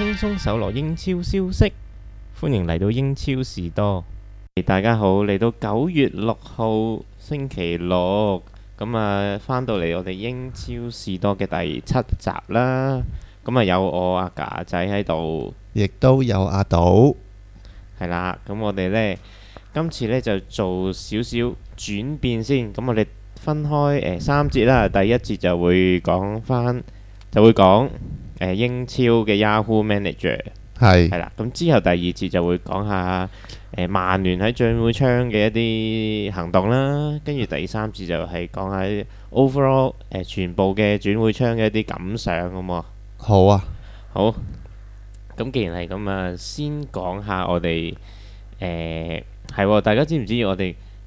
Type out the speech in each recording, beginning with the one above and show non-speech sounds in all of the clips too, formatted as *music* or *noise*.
輕鬆搜羅英超消息，歡迎嚟到英超士多。誒，大家好，嚟到九月六號星期六，咁啊，翻到嚟我哋英超士多嘅第七集啦。咁啊，有我阿假仔喺度，亦都有阿島。係啦，咁我哋呢，今次呢就做少少轉變先。咁我哋分開誒三節啦，第一節就會講返，就會講。誒英超嘅 Yahoo Manager 係係啦，咁之後第二次就會講下誒、曼、呃、聯喺轉會窗嘅一啲行動啦，跟住第三次就係講下 overall、呃、全部嘅轉會窗嘅一啲感想。咁好，好啊，好。咁既然係咁啊，先講下我哋誒，係，大家知唔知我哋？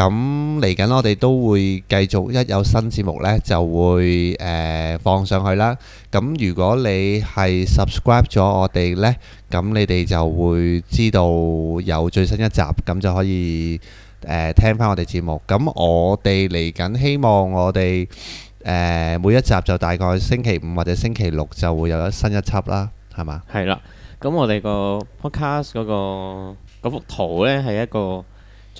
咁嚟緊，我哋都會繼續，一有新節目咧就會誒放上去啦。咁如果你係 subscribe 咗我哋咧，咁你哋就會知道有最新一集，咁就可以誒聽翻我哋節目。咁我哋嚟緊，希望我哋誒每一集就大概星期五或者星期六就會有一新一輯啦，係嘛？係啦。咁我哋個 podcast 嗰個嗰幅圖咧係一個。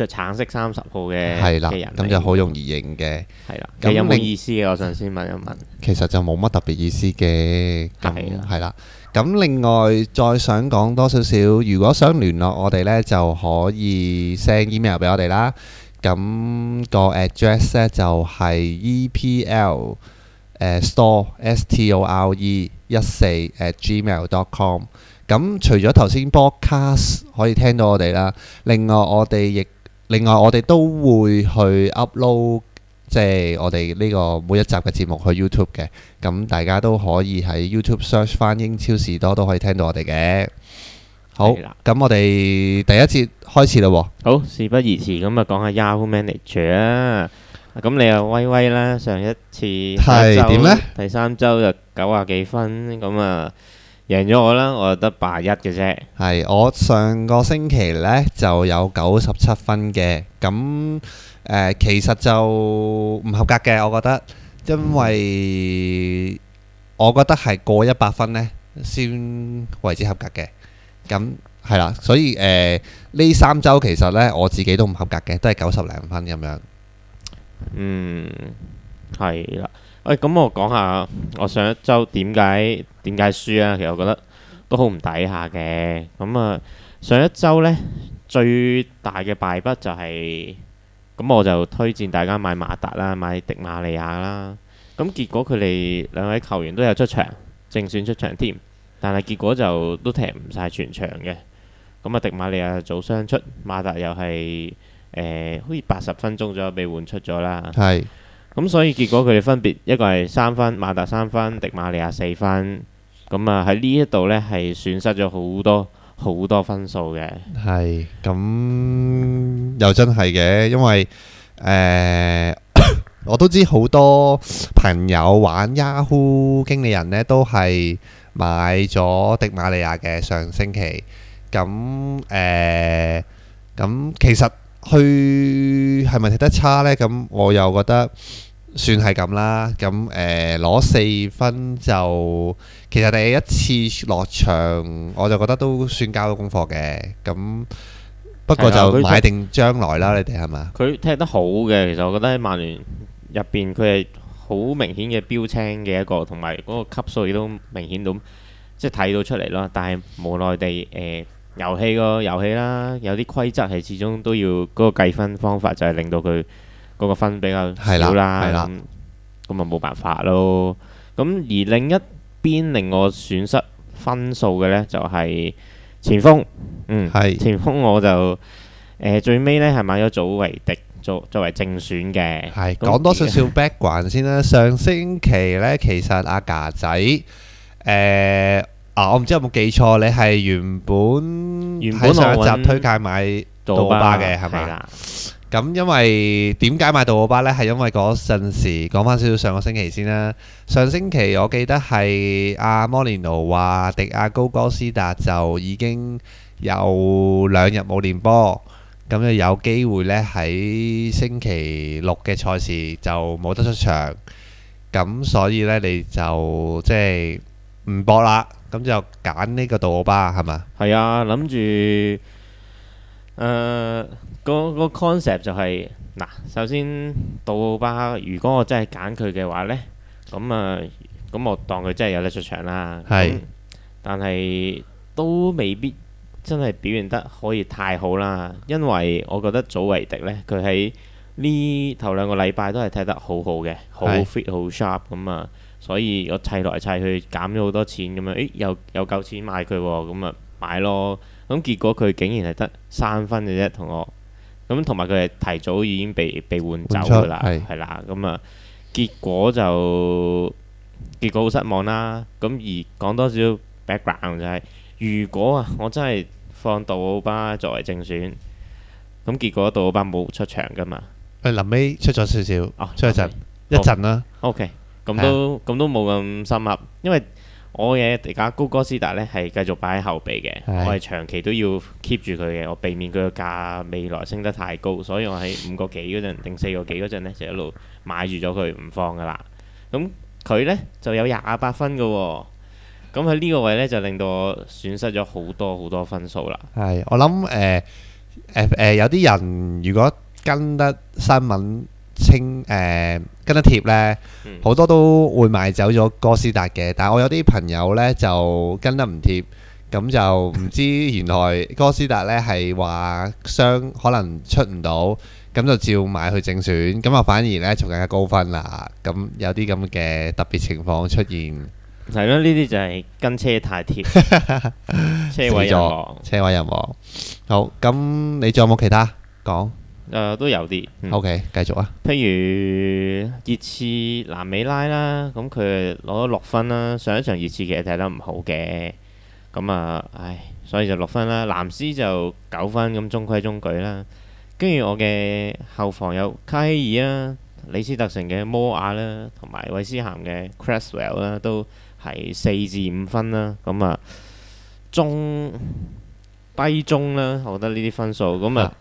著橙色三十號嘅的，係啦，咁就好容易認嘅，係啦的。你有冇意思嘅？我想先問一問。其實就冇乜特別意思嘅，係啦。咁的另外再想講多少少，如果想聯絡我哋呢，就可以 send email 俾我哋啦。咁、那個 address 咧就係 epl 誒 storestore 一四 at gmail.com。咁除咗頭先 podcast 可以聽到我哋啦，另外我哋亦另外，我哋都會去 upload，即係我哋呢個每一集嘅節目去 YouTube 嘅，咁大家都可以喺 YouTube search 翻英超士多都可以聽到我哋嘅。好，咁我哋第一節開始啦。好，事不宜遲，咁啊講下 Yahoo Manager 啊，咁你啊威威啦，上一次係點呢？第三周就九啊幾分，咁啊。贏咗我啦，我就得八一嘅啫。係，我上個星期呢就有九十七分嘅，咁誒、呃、其實就唔合格嘅，我覺得，因為我覺得係過一百分呢先為之合格嘅，咁係啦，所以誒呢、呃、三周其實呢，我自己都唔合格嘅，都係九十零分咁樣。嗯，係啦。喂，咁、欸、我講下我上一周點解點解輸啊？其實我覺得都好唔抵下嘅。咁啊，上一周呢，最大嘅敗筆就係、是、咁，我就推薦大家買馬達啦，買迪馬利亞啦。咁結果佢哋兩位球員都有出場，正選出場添，但係結果就都踢唔晒全場嘅。咁啊，迪馬利亞早傷出，馬達又係誒、欸、好似八十分鐘左右被換出咗啦。係。咁、嗯、所以結果佢哋分別一個，係三分馬達，三分迪馬利亞四分咁啊，喺呢一度呢，係損失咗好多好多分數嘅。係咁、嗯、又真係嘅，因為誒、呃、 *laughs* 我都知好多朋友玩 Yahoo 經理人呢，都係買咗迪馬利亞嘅上星期咁誒咁其實。去係咪踢得差呢？咁我又覺得算係咁啦。咁誒，攞、呃、四分就其實你一次落場，我就覺得都算交到功課嘅。咁不過就買定將來啦，你哋係咪？佢踢得好嘅，其實我覺得喺曼聯入邊，佢係好明顯嘅標青嘅一個，同埋嗰個級數亦都明顯到，即係睇到出嚟咯。但係無奈地誒。呃遊戲個遊戲啦，有啲規則係始終都要嗰個計分方法，就係令到佢嗰個分比較少啦。咁咁冇辦法咯。咁而另一邊令我損失分數嘅咧，就係前鋒。嗯，係前鋒我就誒最尾咧係買咗祖維迪做作為正選嘅。係講多少少 background 先啦。上星期咧，其實阿嘎仔誒。啊！我唔知有冇記錯，你係原本喺上集推介買杜奧巴嘅係咪？咁因為點解買杜奧巴呢？係因為嗰陣時講翻少少上個星期先啦。上星期我記得係阿、啊、摩連奴話迪亞高哥斯達就已經有兩日冇練波，咁就有機會呢喺星期六嘅賽事就冇得出場，咁所以呢，你就即係唔搏啦。咁就揀呢個杜奧巴係嘛？係啊，諗住誒，個個 concept 就係嗱，首先杜奧巴，如果我真係揀佢嘅話咧，咁啊，咁我當佢真係有得出場啦。係，但係都未必真係表現得可以太好啦，因為我覺得祖維迪咧，佢喺呢頭兩個禮拜都係睇得好好嘅，好 fit 好 sharp 咁啊。所以我砌嚟砌去減咗好多錢咁樣，誒有有夠錢買佢喎，咁、嗯、啊買咯。咁結果佢竟然係得三分嘅啫，同我。咁同埋佢係提早已經被被換走噶啦，係啦初。咁啊是、嗯，結果就結果好失望啦。咁、嗯、而講多少 background 就係、是，如果啊我真係放杜奧巴作為正選，咁、嗯、結果杜奧巴冇出場噶嘛？誒臨尾出咗少少，哦出、啊、一陣，一陣啦。OK。咁都咁都冇咁深刻，因為我嘅而家高哥斯達咧係繼續擺喺後備嘅，的我係長期都要 keep 住佢嘅，我避免佢個價未來升得太高，所以我喺五個幾嗰陣定四個幾嗰陣咧就一路買住咗佢唔放噶啦。咁佢咧就有廿八分嘅喎、哦，咁喺呢個位咧就令到我損失咗好多好多分數啦。係，我諗誒誒誒有啲人如果跟得新聞。清誒跟得貼咧，好多都會買走咗哥斯達嘅。但係我有啲朋友咧就跟得唔貼，咁就唔知原來哥斯達咧係話傷可能出唔到，咁就照買去正選，咁啊反而咧仲更加高分啦。咁有啲咁嘅特別情況出現，係咯？呢啲就係跟車太貼，車毀人亡，車毀人亡。好，咁你仲有冇其他講？誒、呃、都有啲、嗯，OK，繼續啊。譬如熱刺南美拉啦，咁佢攞咗六分啦。上一場熱刺其實踢得唔好嘅，咁啊，唉，所以就六分啦。藍斯就九分，咁中規中矩啦。跟住我嘅後防有卡希爾啦，李斯特城嘅摩亞啦，同埋韋斯咸嘅 Cresswell 啦，都係四至五分啦。咁啊，中低中啦，我覺得呢啲分數咁啊。啊。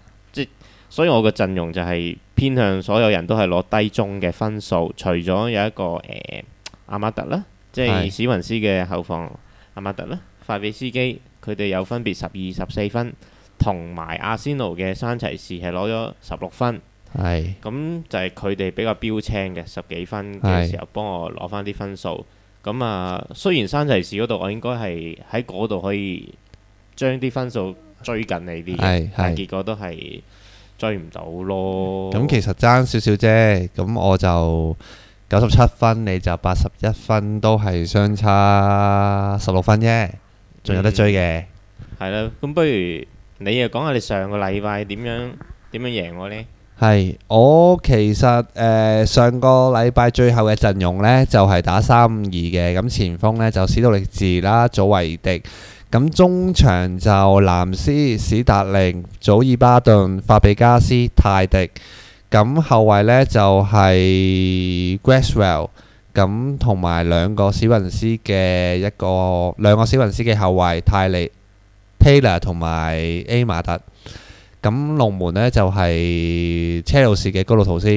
所以我嘅陣容就係偏向所有人都係攞低中嘅分數，除咗有一個誒、呃、阿馬特啦，即係史雲斯嘅後防是阿馬特啦，法比斯基，佢哋有分別十二十四分，同埋阿仙奴嘅山齊士係攞咗十六分，係咁是就係佢哋比較標青嘅十幾分嘅時候幫我攞翻啲分數。咁是啊，雖然山齊士嗰度我應該係喺嗰度可以將啲分數追緊你啲，但係結果都係。追唔到咯。咁其實爭少少啫，咁我就九十七分，你就八十一分，都係相差十六分啫，仲有得追嘅。係啦，咁不如你又講下你上個禮拜點樣點樣贏我咧？係，我其實誒上個禮拜最後嘅陣容咧，就係打三五二嘅，咁前鋒咧就史多力治啦，祖維迪。咁中場就藍斯史達寧、祖爾巴頓、法比加斯、泰迪。咁後衞呢就係 Grasswell，咁同埋兩個史雲斯嘅一個兩個史雲斯嘅後衞泰利 Taylor 同埋 A 馬特。咁龍門呢就係車路士嘅高路圖斯。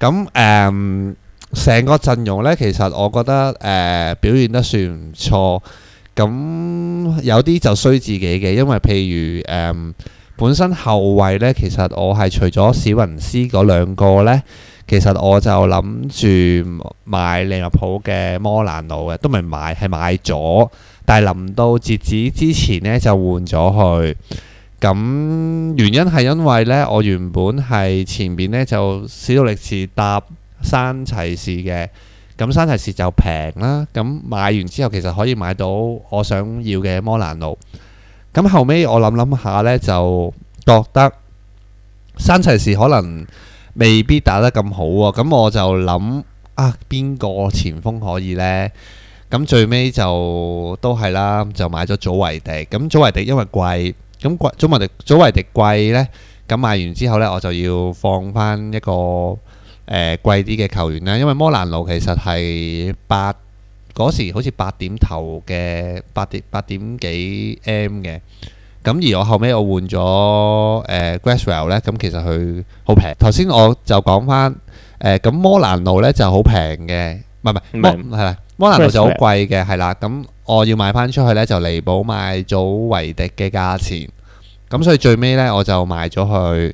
咁誒，成個陣容呢，其實我覺得誒表現得算唔錯。咁、嗯、有啲就衰自己嘅，因為譬如誒、嗯、本身後衞呢，其實我係除咗史雲斯嗰兩個咧，其實我就諗住買利物浦嘅摩蘭奴嘅，都未買，係買咗，但係臨到截止之前呢，就換咗佢。咁、嗯、原因係因為呢，我原本係前邊呢，就史杜力士搭山齊士嘅。咁山齊士就平啦，咁買完之後其實可以買到我想要嘅摩蘭路。咁後尾我諗諗下呢，就覺得山齊士可能未必打得咁好啊。咁我就諗啊，邊個前鋒可以呢？咁最尾就都係啦，就買咗祖維迪。咁祖維迪因為貴，咁貴祖維迪祖維迪貴呢，咁買完之後呢，我就要放翻一個。誒、呃、貴啲嘅球員咧，因為摩蘭奴其實係八嗰時，好似八點頭嘅八點八點幾 M 嘅。咁而我後尾我換咗誒 Cresswell 咧，咁、呃、其實佢好平。頭先我就講翻誒，咁、呃、摩蘭奴咧就好平嘅，唔係唔係摩係摩蘭奴就好貴嘅，係啦蘭。咁我要賣翻出去咧，就彌補賣祖維迪嘅價錢。咁所以最尾咧，我就賣咗佢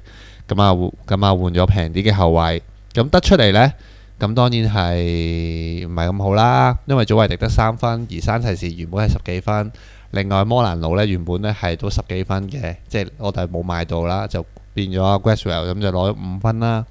咁啊，咁啊換咗平啲嘅後衞。咁得出嚟呢，咁當然係唔係咁好啦，因為祖維迪得三分，而山齊士原本係十幾分，另外摩蘭路呢，原本呢係都十幾分嘅，即係我哋冇買到啦，就變咗 Grasswell 咁就攞咗五分啦。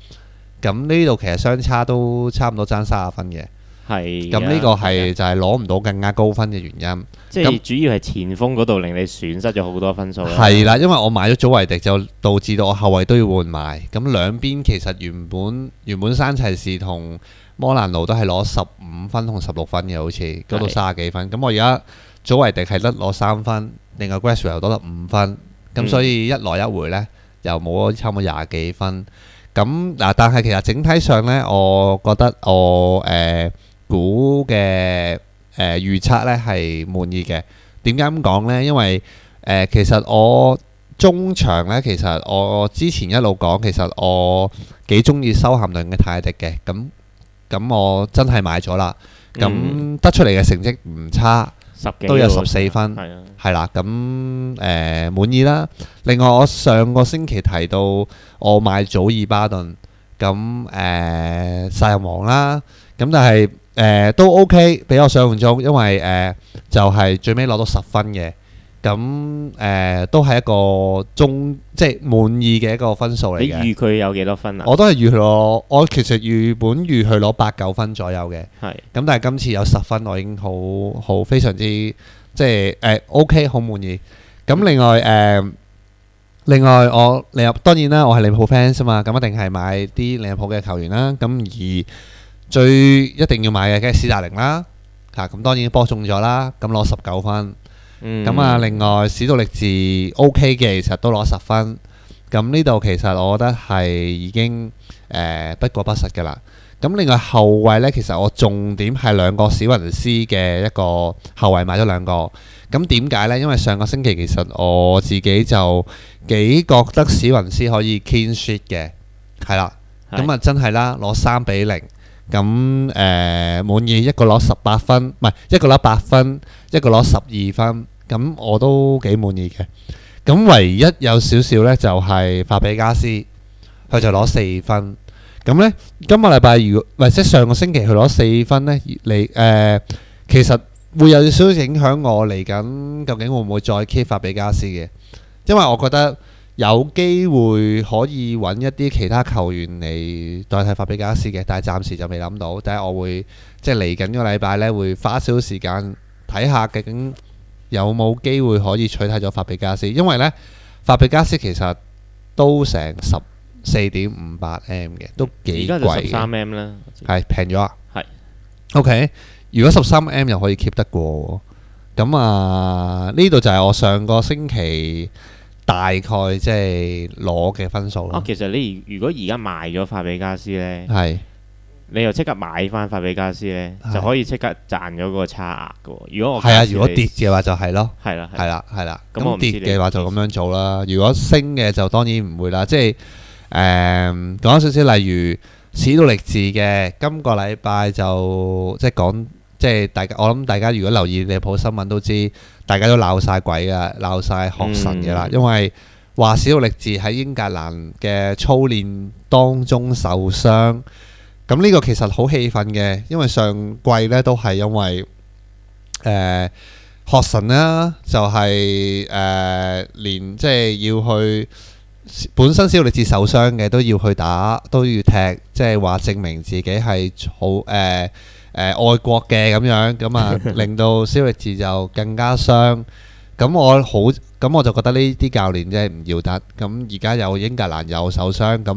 咁呢度其實相差都差唔多爭三十分嘅。係，咁呢個係就係攞唔到更加高分嘅原因，即係主要係前鋒嗰度令你損失咗好多分數。係啦，因為我買咗祖維迪就導致到我後衞都要換埋，咁兩邊其實原本原本山齊士同摩蘭奴都係攞十五分同十六分嘅，好似嗰度卅幾分。咁我而家祖維迪係得攞三分，另外 Grassial 又得五分，咁所以一來一回咧又冇差唔多廿幾分。咁嗱，但係其實整體上咧，我覺得我誒，估嘅誒預測咧係滿意嘅，點解咁講咧？因為誒其實我中場咧，其實我之前一路講，其實我幾中意收鹹頓嘅泰迪嘅，咁咁我真係買咗啦，咁得出嚟嘅成績唔差，都有十四分，係啦，咁誒滿意啦。另外我上個星期提到我買祖爾巴頓，咁誒殺人王啦，咁但係。誒都 OK，比我想像中，因為誒就係最尾攞到十分嘅。咁誒都係一個中即係滿意嘅一個分數嚟嘅。你預佢有幾多分啊？我都係預佢攞，我其實預本預佢攞八九分左右嘅。係咁，但係今次有十分，我已經好好非常之即係誒 OK，好滿意。咁另外誒，另外我利物浦當然啦，我係利物浦 fans 啊嘛，咁一定係買啲利物浦嘅球員啦。咁而最一定要買嘅梗係史達寧啦，嚇、啊、咁、啊、當然波中咗啦，咁攞十九分。咁、嗯、啊，另外史道力治 O.K. 嘅，其實都攞十分。咁呢度其實我覺得係已經誒、呃、不過不失嘅啦。咁、啊、另外後衞呢，其實我重點係兩個史雲斯嘅一個後衞買咗兩個。咁點解呢？因為上個星期其實我自己就幾覺得史雲斯可以 clean sheet 嘅，係啦，咁啊真係啦，攞三比零。咁誒、呃、滿意一個攞十八分，唔係一個攞八分，一個攞十二分，咁我都幾滿意嘅。咁唯一有少少呢，就係法比加斯，佢就攞四分。咁呢，今個禮拜如唔係即係上個星期佢攞四分呢，嚟誒、呃、其實會有少少影響我嚟緊究竟會唔會再 keep 法比加斯嘅，因為我覺得。有機會可以揾一啲其他球員嚟代替法比加斯嘅，但係暫時就未諗到。但係我會即係嚟緊個禮拜呢，會花少少時間睇下究竟有冇機會可以取代咗法比加斯，因為呢，法比加斯其實都成十四點五八 M 嘅，都幾貴。而家就十三 M 啦，係平咗啊。係是 OK，如果十三 M 又可以 keep 得過，咁啊呢度就係我上個星期。大概即係攞嘅分數咯、啊。其實你如果而家賣咗法比加斯呢，係是你又即刻買翻法比加斯呢，是就可以即刻賺咗嗰個差額嘅、哦。如果我啊，如果跌嘅話就係咯，係啦、啊，係啦、啊，係啦、啊。咁跌嘅話就咁樣做啦。如果升嘅就當然唔會啦。即係誒、嗯、講少少，例如史都力治嘅，今個禮拜就即係講。即係大家，我諗大家如果留意利物浦新聞都知，大家都鬧晒鬼啊，鬧晒學神嘅啦。嗯、因為，話史杜列治喺英格蘭嘅操練當中受傷，咁呢個其實好氣憤嘅，因為上季呢都係因為誒、呃、學神呢，就係、是、誒、呃、連即係、就是、要去本身史杜列治受傷嘅都要去打，都要踢，即係話證明自己係好誒。呃誒，外、呃、國嘅咁樣咁啊，令到肖力 l 就更加傷。咁我好，咁我就覺得呢啲教練真係唔要得。咁而家有英格蘭又受傷，咁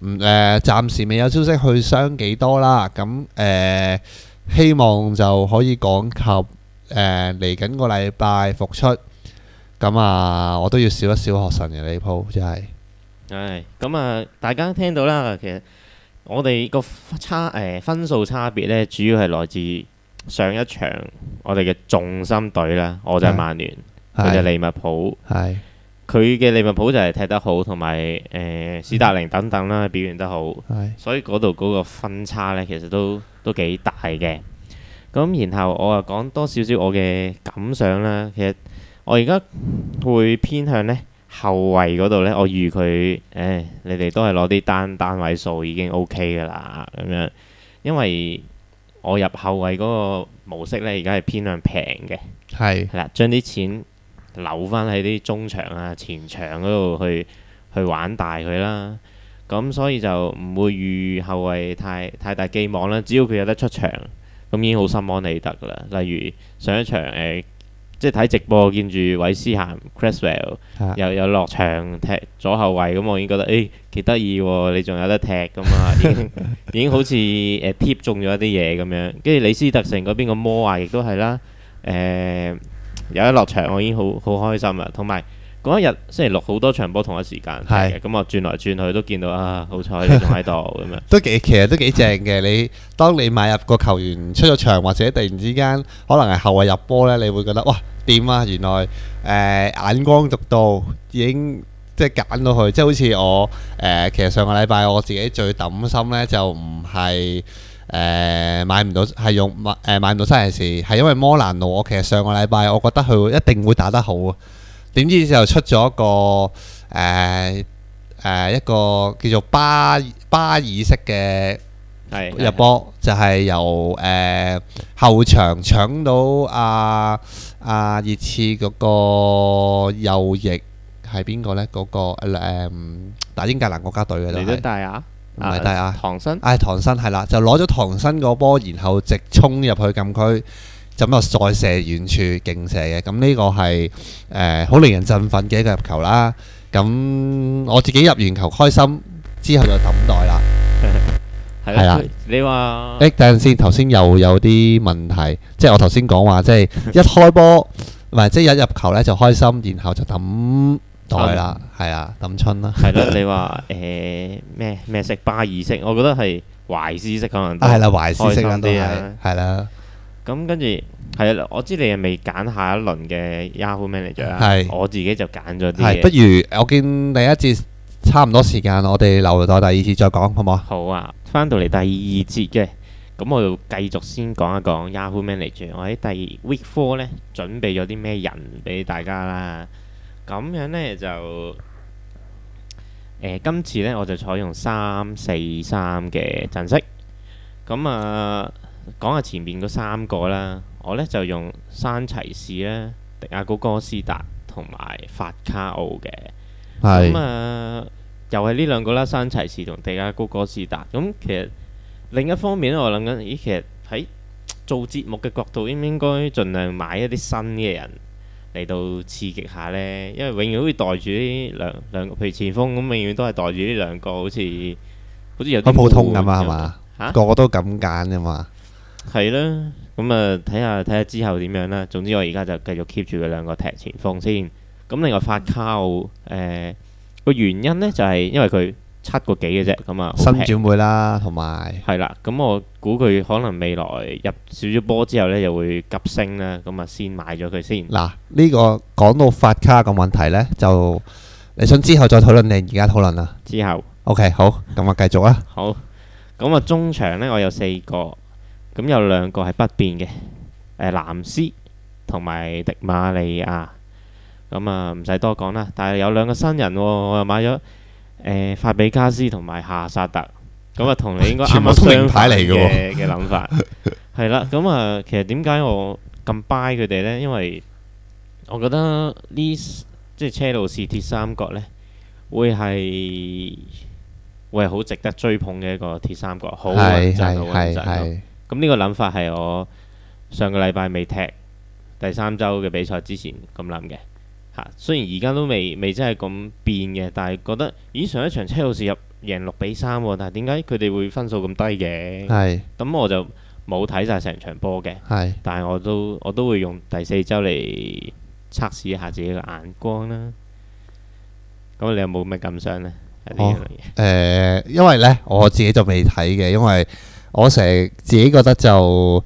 唔誒，暫時未有消息去傷幾多啦。咁誒、呃，希望就可以趕及誒嚟緊個禮拜復出。咁啊，我都要少一少學神嘅、啊。呢物浦，真係、哎。誒，咁啊，大家聽到啦，其實。我哋個差誒分數差別咧，主要係來自上一場我哋嘅重心隊啦，我就係曼聯，佢的就利物浦，佢嘅的利物浦就係踢得好，同埋誒史達寧等等啦，表現得好，的所以嗰度嗰個分差咧，其實都都幾大嘅。咁然後我話講多少少我嘅感想啦，其實我而家會偏向呢。後衞嗰度呢，我預佢，誒、哎，你哋都係攞啲單單位數已經 O K 㗎喇，咁樣，因為我入後衞嗰個模式呢，而家係偏向平嘅，係是，係啦，將啲錢留翻喺啲中場啊、前場嗰度去去玩大佢啦，咁所以就唔會預後衞太太大寄望啦，只要佢有得出場，咁已經好心安理得噶啦。例如上一場誒。即係睇直播見住韋斯咸 Cresswell、啊、又又落場踢左後衞咁，我已經覺得誒幾得意喎！你仲有得踢咁啊， *laughs* 已經已經好似誒、呃、貼中咗一啲嘢咁樣。跟住李斯特城嗰邊，個摩亞亦都係啦，誒、呃、有一落場我已經好好開心啦！同埋。嗰一日星期六好多場波同一時間，係咁我轉來轉去都見到啊！好彩你仲喺度咁樣，都幾其實都幾正嘅。你當你買入個球員出咗場，或者突然之間可能係後衞入波咧，你會覺得哇點啊！原來誒眼光獨到，已經即係揀到佢，即係好似我誒其實上個禮拜我自己最揼心咧，就唔係誒買唔到，係用買誒買唔到西恩士，係因為摩蘭奴。我其實上個禮拜我覺得佢會一定會打得好。點知就出咗個誒誒一個叫做巴巴爾式嘅入波，就係由誒後場搶到阿阿熱刺嗰個右翼係邊個咧？嗰個誒打英格蘭國家隊嘅都係咪？大亞唔係大亞，唐森。係唐森，係啦，就攞咗唐森嗰波，然後直衝入去禁區。就咁又再射遠處勁射嘅，咁呢個係誒好令人振奮嘅一個入球啦。咁我自己入完球開心，之後就抌袋啦。係啦，你話誒，等陣先，頭先又有啲問題，即係我頭先講話，即係一開波，唔係即係一入球咧就開心，然後就抌袋啦。係啊，抌春啦。係啦，你話誒咩咩色巴爾式，我覺得係懷斯式可能多啲啊。係啦，懷斯式啲啊，係啦。咁跟住，係啊！我知你係未揀下一輪嘅 Yahoo Manager 啦。係，我自己就揀咗啲嘢。係，不如我見第一節差唔多時間，我哋留待第二節再講，好唔好啊？好啊！翻到嚟第二節嘅，咁我繼續先講一講 Yahoo Manager。我喺第 Week Four 咧，準備咗啲咩人俾大家啦？咁樣咧就誒，今次咧我就採用三四三嘅陣式。咁啊～講下前面嗰三個啦，我呢就用山齊士啦，迪亞高哥斯達同埋法卡奧嘅。咁是、嗯、啊，又係呢兩個啦，山齊士同迪亞高哥斯達。咁、嗯、其實另一方面，我諗緊，咦，其實喺做節目嘅角度，應唔應該盡量買一啲新嘅人嚟到刺激下呢？因為永遠都係袋住啲兩兩，譬如前鋒咁、嗯，永遠都係袋住呢兩個，好似好似有啲普通咁嘛，係嘛？啊，個個都咁揀嘅嘛～、啊個個係啦，咁啊睇下睇下之後點樣啦。總之我而家就繼續 keep 住佢兩個踢前鋒先。咁另外法卡，誒個原因咧就係因為佢七個幾嘅啫，咁啊新轉會啦，同埋係啦。咁我估佢可能未來入少少波之後咧，又會急升啦。咁啊先買咗佢先。嗱，呢個講到法卡個問題咧，就你想之後再討論定而家討論啊？之後，OK 好，咁啊繼續啊。好，咁啊中場咧，我有四個。咁有兩個係不變嘅，誒藍斯同埋迪馬利亞，咁啊唔使多講啦。但係有兩個新人，哦，我又買咗誒、呃、法比加斯同埋夏薩特，咁啊同你應該啱啱相反嚟嘅嘅諗法，係啦。 *laughs* 咁啊，其實點解我咁 buy 佢哋呢？因為我覺得呢即係車路士鐵三角呢，會係會係好值得追捧嘅一個鐵三角，好穩陣，好穩 *laughs* 咁呢個諗法係我上個禮拜未踢第三周嘅比賽之前咁諗嘅吓，雖然而家都未未真係咁變嘅，但係覺得咦上一場車路士入贏六比三，但係點解佢哋會分數咁低嘅？係咁是、嗯、我就冇睇晒成場波嘅，係是，但係我都我都會用第四周嚟測試一下自己嘅眼光啦。咁你有冇咩感想呢？咧？哦，誒、 *laughs* 呃，因為呢，我自己就未睇嘅，因為。我成日自己覺得就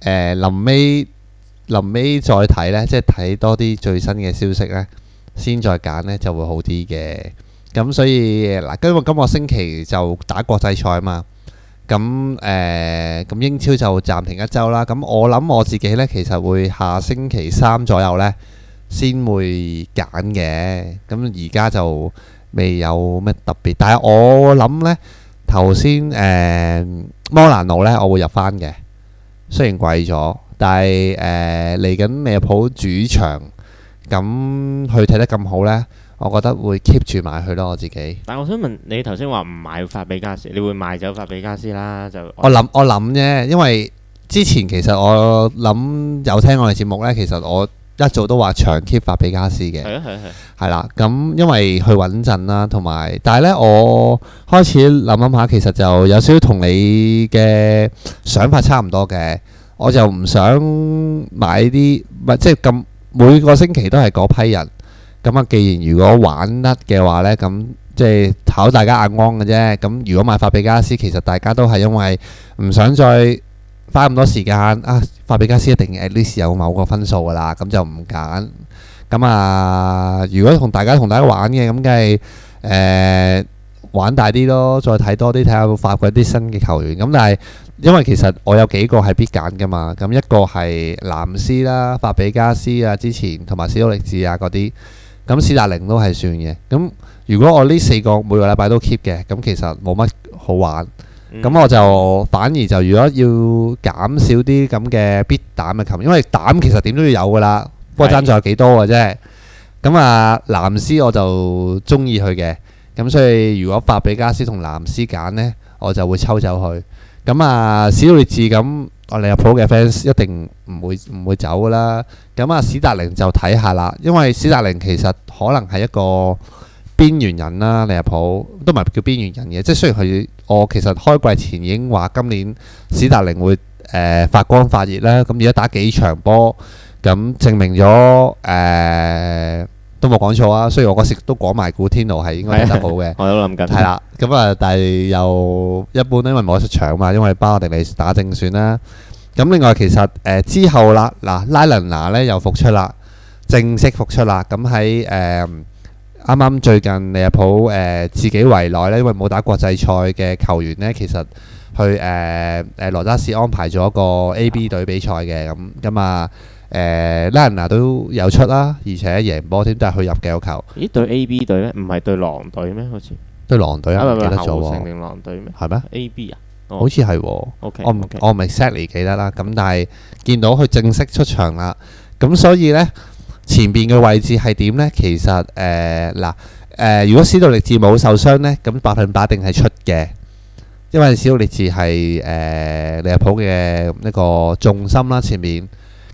誒臨尾臨尾再睇咧，即係睇多啲最新嘅消息咧，先再揀咧就會好啲嘅。咁所以嗱，今個今個星期就打國際賽啊嘛。咁誒咁英超就暫停一週啦。咁我諗我自己咧，其實會下星期三左右咧先會揀嘅。咁而家就未有咩特別，但係我諗咧。頭先誒摩蘭路呢，我會入返嘅，雖然貴咗，但係誒嚟緊利物浦主場咁，佢睇得咁好呢，我覺得會 keep 住買佢咯。我自己但係我想問你頭先話唔買法比加斯，你會賣走法比加斯啦？就我諗我諗啫，因為之前其實我諗有聽我哋節目呢，其實我。一早都話長 keep 法比加斯嘅，係啊係啊係，係啦咁，因為佢穩陣啦，同埋但係咧，我開始諗諗下，其實就有少少同你嘅想法差唔多嘅，我就唔想買啲唔係即係咁每個星期都係嗰批人咁啊。既然如果玩得嘅話咧，咁即係考大家眼光嘅啫。咁如果買法比加斯，其實大家都係因為唔想再花咁多時間啊。法比加斯一定 at least 有某個分數噶啦，咁就唔揀。咁啊，如果同大家同大家玩嘅，咁梗係誒玩大啲咯，再睇多啲，睇下會發掘啲新嘅球員。咁但係因為其實我有幾個係必揀噶嘛，咁一個係藍斯啦，法比加斯啊，之前同埋史多力治啊嗰啲，咁史達寧都係算嘅。咁如果我呢四個每個禮拜都 keep 嘅，咁其實冇乜好玩。咁、嗯、我就反而就如果要減少啲咁嘅必膽嘅琴，因為膽其實點都要有噶啦，不過爭在幾多嘅啫、啊。咁是的 啊，藍斯我就中意佢嘅，咁所以如果法比加斯同藍斯揀呢，我就會抽走佢。咁啊，史瑞治咁我利物浦嘅 fans 一定唔會唔會走噶啦。咁啊，史達寧就睇下啦，因為史達寧其實可能係一個邊緣人啦，利物浦都唔係叫邊緣人嘅，即係雖然佢。我其實開季前已經話今年史達寧會誒、呃、發光發熱啦，咁而家打幾場波，咁證明咗誒、呃、都冇講錯啊。雖然我嗰時都講埋古天奴係應該踢得好嘅，我都諗緊。係啦，咁啊，但係又一般，因為冇出場嘛，因為巴迪利打正選啦。咁另外其實誒、呃、之後啦，嗱、呃、拉倫拿咧又復出啦，正式復出啦。咁喺誒。呃啱啱最近利物浦誒、呃、自己圍內咧，因為冇打國際賽嘅球員咧，其實去誒誒、呃呃、羅渣士安排咗個 A B 隊比賽嘅，咁咁啊誒拉人啊都有出啦，而且贏波添都係去入嘅球。咦？對 A B 隊咧，唔係對狼隊咩？好似對狼隊啊，唔、oh. exactly、記得咗。成狼隊咩？係咩？A B 啊？好似係。O K，我唔我唔係 Sally 記得啦。咁但係見到佢正式出場啦。咁所以咧。前面嘅位置係點呢？其實誒嗱誒，如果史杜力治冇受傷呢，咁百分百定係出嘅，因為史杜力治係誒利物浦嘅一個重心啦。前面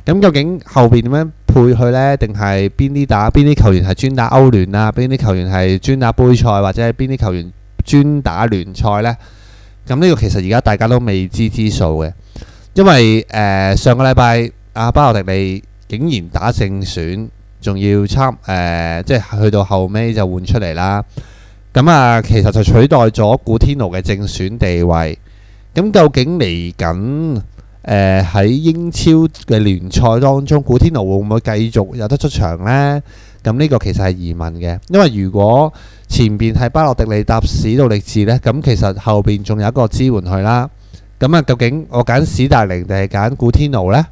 咁究竟後邊點樣配佢呢？定係邊啲打邊啲球員係專打歐聯啊？邊啲球員係專打杯賽，或者係邊啲球員專打聯賽呢？咁呢個其實而家大家都未知之數嘅，因為誒上個禮拜阿巴洛迪利。竟然打正選，仲要參誒、呃，即係去到後尾就換出嚟啦。咁、嗯、啊，其實就取代咗古天奴嘅正選地位。咁、嗯、究竟嚟緊喺英超嘅聯賽當中，古天奴會唔會繼續有得出場呢？咁、嗯、呢、這個其實係疑問嘅，因為如果前邊係巴洛迪利搭史杜力治呢，咁、嗯、其實後邊仲有一個支援佢啦。咁、嗯、啊，究竟我揀史達寧定係揀古天奴呢？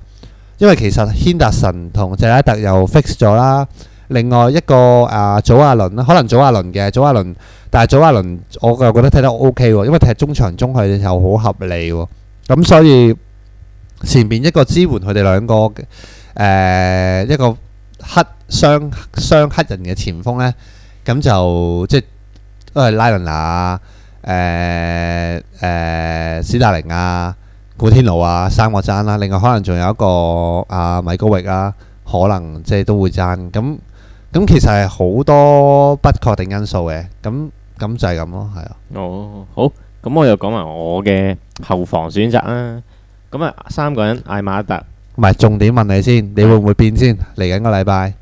因為其實軒達臣同謝拉特又 fix 咗啦，另外一個誒祖亞倫啦，可能祖亞倫嘅祖亞倫，但係祖亞倫我又覺得踢得 OK 喎，因為踢中場中佢又好合理，咁所以前面一個支援佢哋兩個誒一個黑雙雙黑人嘅前鋒咧，咁就即係都係拉倫娜誒誒史達寧啊。古天奴啊，三個爭啦，另外可能仲有一個啊，米高域啊，可能即係都會爭咁。咁，其實係好多不確定因素嘅，咁咁就係咁咯，係啊。哦，好，咁我又講埋我嘅後防選擇啦，咁啊三個人艾馬一特，唔係重點問你先，你會唔會變先？嚟緊個禮拜。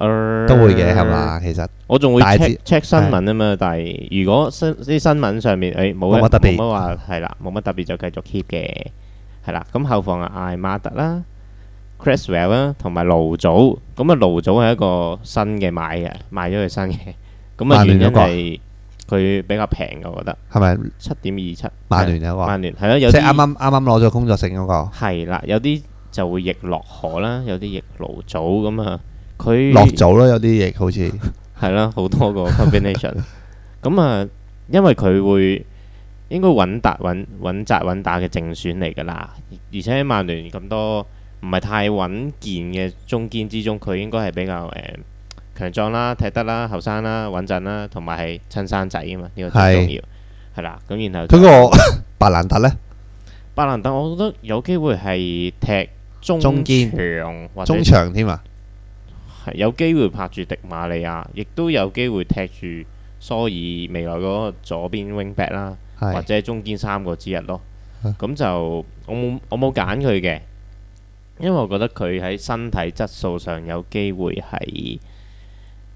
都會嘅係嘛，其實我仲會 check check 新聞啊嘛，但係如果新啲新聞上面，誒冇乜特別，冇乜話係啦，冇乜特別就繼續 keep 嘅，係啦。咁後防係 I 馬德啦，Cresswell 啦，同埋盧祖。咁啊盧祖係一個新嘅買啊，賣咗佢新嘅。咁啊原因係佢比較平嘅，我覺得係咪七點二七？曼聯有個，曼聯係咯，有即係啱啱啱啱攞咗工作性嗰個。係啦，有啲就會逆落河啦，有啲逆盧祖咁啊。佢他落咗啦，有啲嘢好似係啦，好多個 combination。咁 *laughs* 啊，因為佢會應該穩打穩穩紮穩打嘅正選嚟噶啦，而且喺曼聯咁多唔係太穩健嘅中堅之中，佢應該係比較誒強壯啦、踢得啦、後生啦、穩陣啦，同埋係親生仔啊嘛，呢、這個最重要係啦。咁是 *laughs* 然後，佢個白蘭達呢？白蘭達，我覺得有機會係踢中堅、中或堅者中長添啊。場有機會拍住迪馬利亞，亦都有機會踢住蘇爾未來嗰個左邊 wingback 啦，是的 或者中間三個之一咯。咁、啊、就我冇我冇揀佢嘅，因為我覺得佢喺身體質素上有機會係、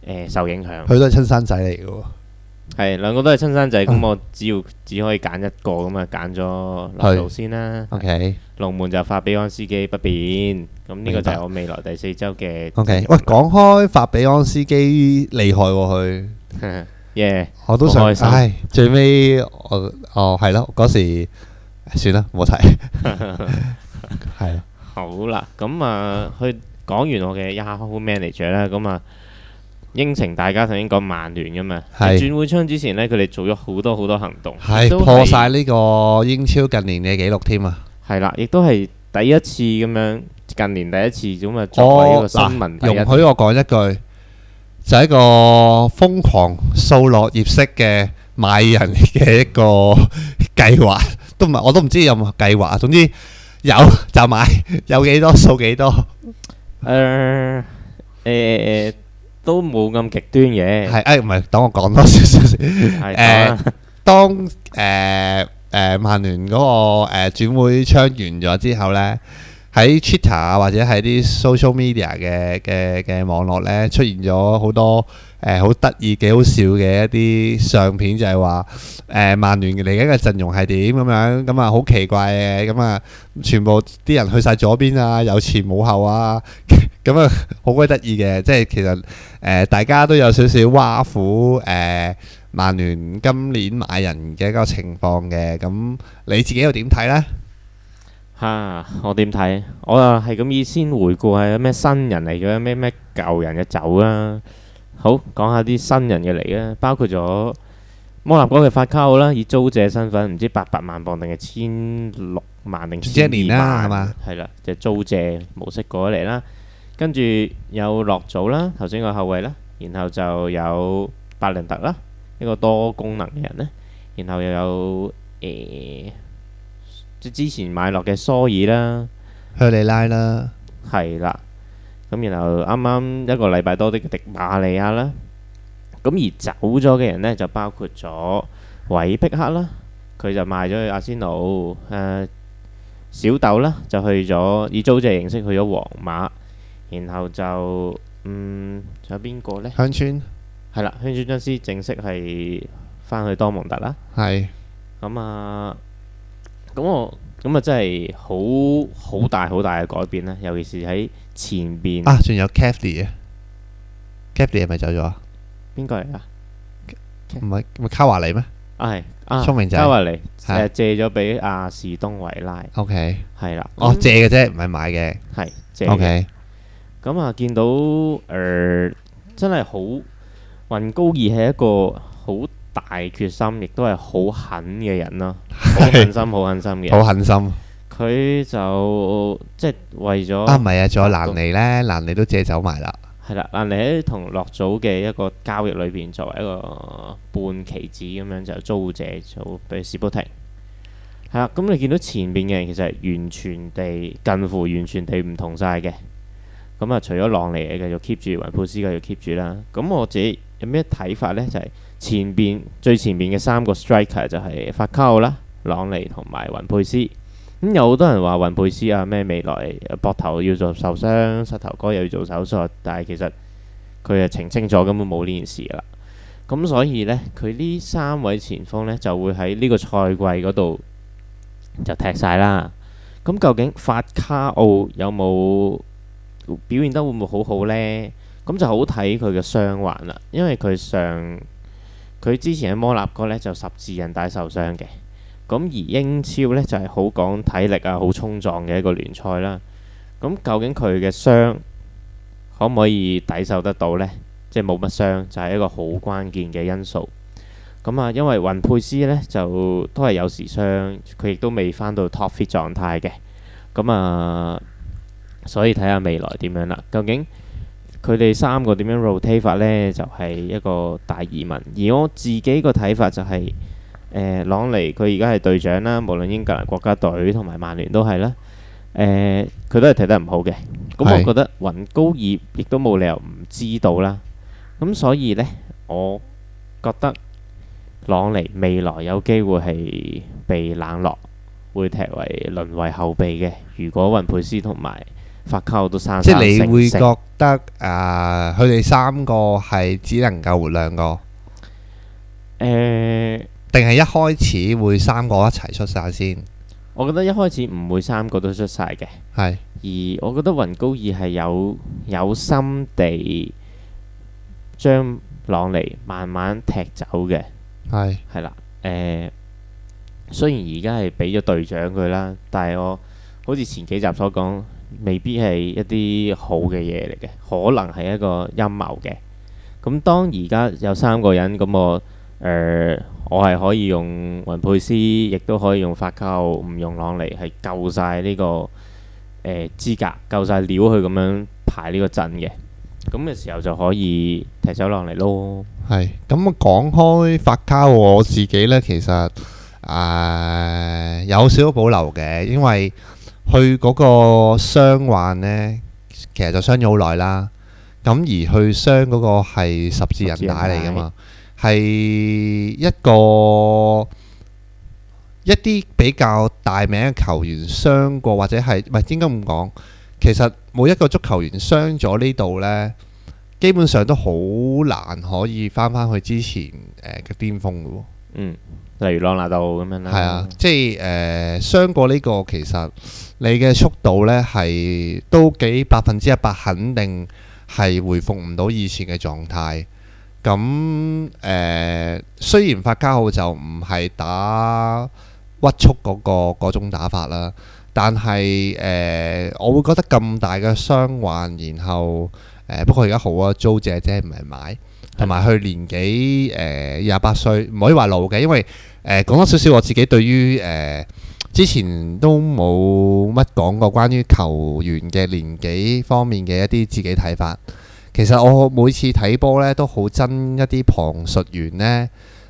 呃、受影響。佢都係親生仔嚟嘅喎。係兩個都係親生仔，咁我只要只可以揀一個咁啊，揀咗劉導先啦。O K，龍門就法比安斯基不變，咁呢個就係我未來第四周嘅。O K，喂，講開法比安斯基厲害喎，佢，yeah，我都想，唉，最尾我哦係咯，嗰時算啦，冇睇，係啦。好啦，咁啊，去講完我嘅 Yahoo，manager 咧，咁啊。應承大家，頭先講曼聯噶嘛，係轉會窗之前咧，佢哋做咗好多好多行動，係都破晒呢個英超近年嘅記錄添啊。係啦，亦都係第一次咁樣，近年第一次咁啊，作為一個新聞。容許我講一句，就係一個瘋狂掃落葉式嘅買人嘅一個計劃，都唔係我都唔知有冇計劃。總之有就買，有幾多掃幾多。誒誒。都冇咁極端嘅，係誒，唔係，等我講多少少先。誒、 *laughs* *laughs* 呃，當誒誒、呃呃、曼聯嗰、那個誒、呃、轉會窗完咗之後咧，喺 Twitter、啊、或者喺啲 social media 嘅嘅嘅網絡咧出現咗好多。誒好得意，幾好笑嘅一啲相片就係話誒，曼聯嚟緊嘅陣容係點咁樣咁啊？好奇怪嘅咁啊！全部啲人去晒左邊啊，有前冇後啊，咁啊好鬼得意嘅，即係其實誒，大家都有少少挖苦誒，曼聯今年買人嘅一個情況嘅咁，你自己又點睇呢？嚇！我點睇？我啊係咁意先回顧係咩新人嚟咗，咩咩舊人嘅走啦。好，講下啲新人嘅嚟啦，包括咗摩納哥嘅法卡奧啦，以租借身份，唔知八百萬磅定係千六萬定係二萬，係啦，就租借模式過咗嚟啦。跟住有洛祖啦，頭先個後衞啦，然後就有巴倫特啦，一個多功能嘅人咧，然後又有誒即係之前買落嘅蘇爾啦、赫里拉啦，係啦。咁然後啱啱一個禮拜多啲迪馬利亞啦，咁而走咗嘅人呢就包括咗維碧克啦，佢就賣咗去阿仙奴，誒小豆啦就去咗以租借形式去咗皇馬，然後就嗯仲有邊個呢？香川係啦，香川真司正式係返去多蒙特啦。係咁啊，咁我咁啊真係好好大好大嘅改變啦，尤其是喺前邊啊，仲有 Cathy 啊，Cathy 係咪走咗啊？邊個嚟啊？唔係咪卡華利咩？啊係啊，聰明仔卡華利，借咗俾阿士東維拉。O K 係啦，哦借嘅啫，唔係買嘅。係借 OK，咁啊，見到誒真係好雲高爾係一個好大決心，亦都係好狠嘅人囉。好狠心，好狠心嘅人。好狠心。佢就即係為咗啊，唔係啊，仲有蘭尼咧，蘭尼都借走埋啦。係啦，蘭尼喺同洛祖嘅一個交易裏邊，作為一個半棋子咁樣就租借咗俾士砵亭。係啦，咁、嗯、你見到前邊嘅人其實完全地近乎完全地唔同晒嘅。咁、嗯、啊，除咗朗尼繼續 keep 住，雲佩斯繼續 keep 住啦。咁、嗯嗯、我自己有咩睇法呢？就係、是、前邊最前面嘅三個 striker 就係法卡奧啦、朗尼同埋雲佩斯。咁、嗯、有好多人話雲佩斯啊咩未來膊頭要做受傷，膝頭哥又要做手術，但係其實佢係澄清咗根本冇呢件事啦。咁所以呢，佢呢三位前鋒呢，就會喺呢個賽季嗰度就踢晒啦。咁究竟法卡奧有冇表現得會唔會好好呢？咁就好睇佢嘅傷患啦，因為佢上佢之前喺摩納哥呢，就十字韌帶受傷嘅。咁而英超呢，就係好講體力啊，好衝撞嘅一個聯賽啦。咁究竟佢嘅傷可唔可以抵受得到呢？即係冇乜傷就係一個好關鍵嘅因素。咁啊，因為雲佩斯呢，就都係有時傷，佢亦都未翻到 top fit 狀態嘅。咁啊，所以睇下未來點樣啦。究竟佢哋三個點樣 rotate 法呢，就係一個大疑問。而我自己個睇法就係。誒朗尼佢而家係隊長啦，無論英格蘭國家隊同埋曼聯都係啦。誒佢都係踢得唔好嘅，咁我覺得雲高爾亦都冇理由唔知道啦。咁所以呢，我覺得朗尼未來有機會係被冷落，會踢為淪為後備嘅。如果雲佩斯同埋法寇都生，即係你會覺得啊，佢哋三個係只能夠活兩個。誒。定係一開始會三個一齊出晒先？我覺得一開始唔會三個都出晒嘅。係是。而我覺得雲高爾係有有心地將朗尼慢慢踢走嘅。係是。係啦。誒、呃，雖然而家係俾咗隊長佢啦，但係我好似前幾集所講，未必係一啲好嘅嘢嚟嘅，可能係一個陰謀嘅。咁當而家有三個人咁我。誒、呃，我係可以用雲佩斯，亦都可以用法卡，唔用朗尼，係夠晒呢個誒、呃、資格，夠晒料去咁樣排呢個陣嘅。咁嘅時候就可以踢走朗尼咯。係，咁、嗯、講開法卡，我自己呢，其實誒、呃、有少少保留嘅，因為去嗰個傷患呢，其實就傷咗好耐啦。咁而去傷嗰個係十字韌帶嚟㗎嘛。係一個一啲比較大名嘅球員傷過，或者係唔係應該唔講？其實每一個足球員傷咗呢度呢，基本上都好難可以翻翻去之前嘅巔峰嘅喎。嗯，例如朗拿度咁樣啦。係啊，即係誒傷過呢個，其實你嘅速度呢，係都幾百分之一百肯定係回復唔到以前嘅狀態。咁誒、呃，雖然法卡奧就唔係打屈促嗰、嗰個嗰種打法啦，但係誒、呃，我會覺得咁大嘅傷患，然後誒、呃的呃，不過而家好啊，租借姐唔係買，同埋佢年紀誒廿八歲，唔可以話老嘅，因為誒、呃、講多少少我自己對於誒、呃、之前都冇乜講過關於球員嘅年紀方面嘅一啲自己睇法。其實我每次睇波咧，都好憎一啲旁述員呢，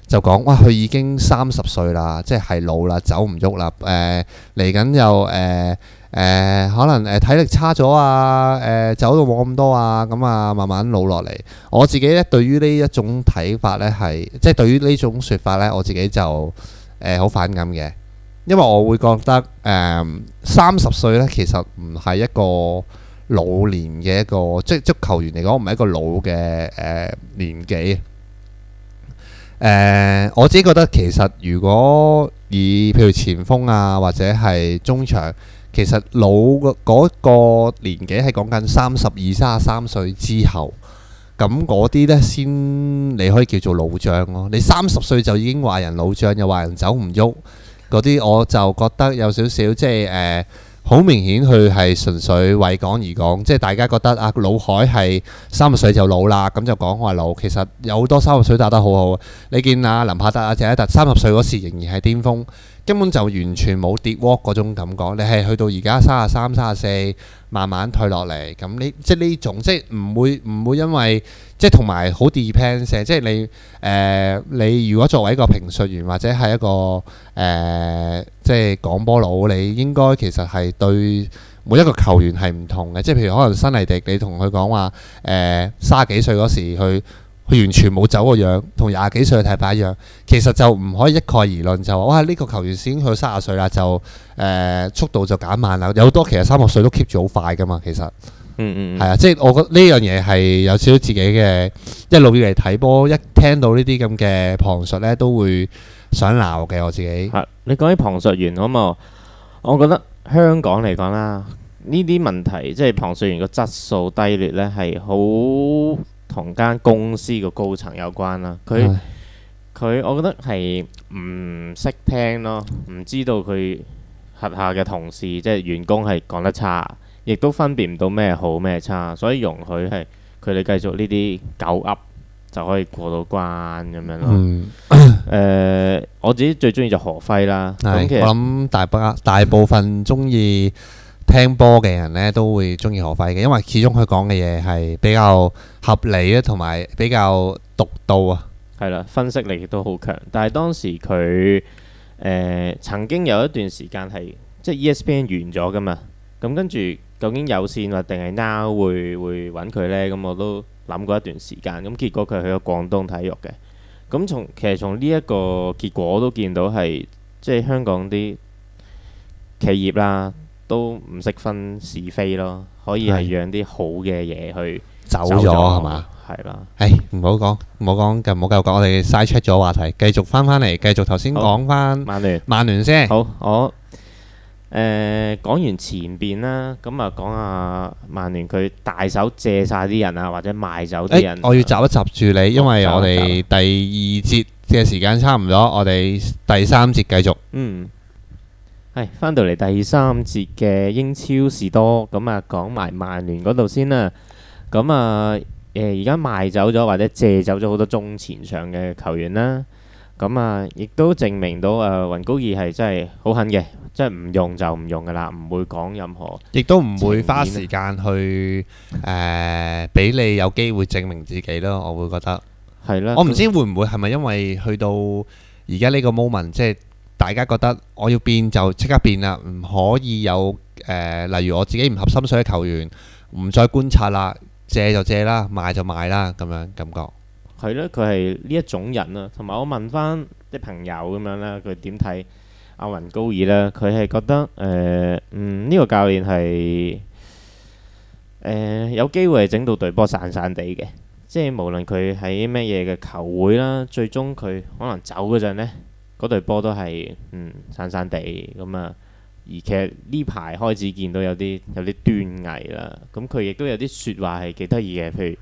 就講哇，佢已經三十歲啦，即係老啦，走唔喐啦，誒嚟緊又誒誒，可能誒體力差咗啊，誒、呃、走到冇咁多啊，咁啊慢慢老落嚟。我自己咧對於呢一種睇法呢，係即係對於呢種説法呢，我自己就誒好、呃、反感嘅，因為我會覺得誒三十歲呢，其實唔係一個。老年嘅一個即係足球員嚟講，唔係一個老嘅誒年紀。誒我自己覺得其實如果以譬如前鋒啊或者係中場，其實老個嗰個年紀係講緊三十二、三十三歲之後，咁嗰啲呢先你可以叫做老將咯。你三十歲就已經話人老將，又話人走唔喐嗰啲，我就覺得有少少即係誒。好明顯，佢係純粹為港而講，即係大家覺得啊，老海係三十歲就老啦，咁就講話老。其實有好多三十歲打得好好，你見啊林柏特阿謝一達三十歲嗰時仍然係巔峰。根本就完全冇跌 watt 嗰種感覺，你係去到而家三十三、三十四，慢慢退落嚟，咁呢即係呢種即係唔會唔會因為即係同埋好 dependent 即係你誒、呃、你如果作為一個評述員或者係一個誒、呃、即係講波佬，你應該其實係對每一個球員係唔同嘅，即係譬如可能新尼迪，你同佢講話誒三十幾歲嗰時去。佢完全冇走個樣，同廿幾歲嘅踢法一樣。其實就唔可以一概而論，就哇呢、呢個球員已經去三十歲啦，就誒、呃、速度就減慢啦。有好多其實三十歲都 keep 住好快噶嘛，其實嗯嗯係啊，即係我覺得呢樣嘢係有少少自己嘅一路以嚟睇波，一聽到呢啲咁嘅旁述呢，都會想鬧嘅我自己。係，你講起旁述員好嘛，我覺得香港嚟講啦，呢啲問題即係旁述員個質素低劣呢，係好。同間公司嘅高層有關啦，佢佢我覺得係唔識聽咯，唔知道佢轄下嘅同事即係員工係講得差，亦都分辨唔到咩好咩差，所以容許係佢哋繼續呢啲狗噏就可以過到關咁樣咯。誒，我自己最中意就何輝啦，咁是我諗大部分大部分中意。聽波嘅人咧，都會中意何輝嘅，因為始終佢講嘅嘢係比較合理咧，同埋比較獨到啊。係啦，分析力亦都好強。但係當時佢誒、呃、曾經有一段時間係即係 ESPN 完咗噶嘛，咁跟住究竟有線或定係 Now 會會搵佢呢？咁我都諗過一段時間，咁結果佢去咗廣東體育嘅。咁從其實從呢一個結果我都見到係即係香港啲企業啦。都唔識分是非咯，可以係養啲好嘅嘢去走咗係嘛？係啦，唉，唔好講，唔好講，就唔好繼續講，我哋嘥出咗話題，繼續翻翻嚟，繼續頭先講翻曼聯，曼聯先好，我誒講完前面啦，咁啊講下曼聯佢大手借晒啲人啊，或者賣走啲人，哎、我要集一集住你，因為我哋第二節嘅時間差唔多，我哋第三節繼續，嗯。係，翻到嚟第三節嘅英超士多，咁啊講埋曼聯嗰度先啦。咁、嗯、啊，誒而家賣走咗或者借走咗好多中前場嘅球員啦。咁、嗯、啊，亦都證明到啊、呃、雲高爾係真係好狠嘅，即係唔用就唔用噶啦，唔會講任何，亦都唔會花時間去誒俾、呃、你有機會證明自己咯。我會覺得係啦。我唔知會唔會係咪那因為去到而家呢個 moment 即係。大家覺得我要變就即刻變啦，唔可以有誒，例如我自己唔合心水嘅球員，唔再觀察啦，借就借啦，賣就賣啦，咁樣感覺。係咯，佢係呢一種人啊。同埋我問翻啲朋友咁樣咧，佢點睇阿雲高爾咧？佢係覺得誒，嗯，呢個教練係誒有機會係整到隊波散散地嘅，即係無論佢喺咩嘢嘅球會啦，最終佢可能走嗰陣咧。嗰隊波都係嗯散散地咁啊、嗯，而其實呢排開始見到有啲有啲端倪啦。咁佢亦都有啲説話係幾得意嘅，譬如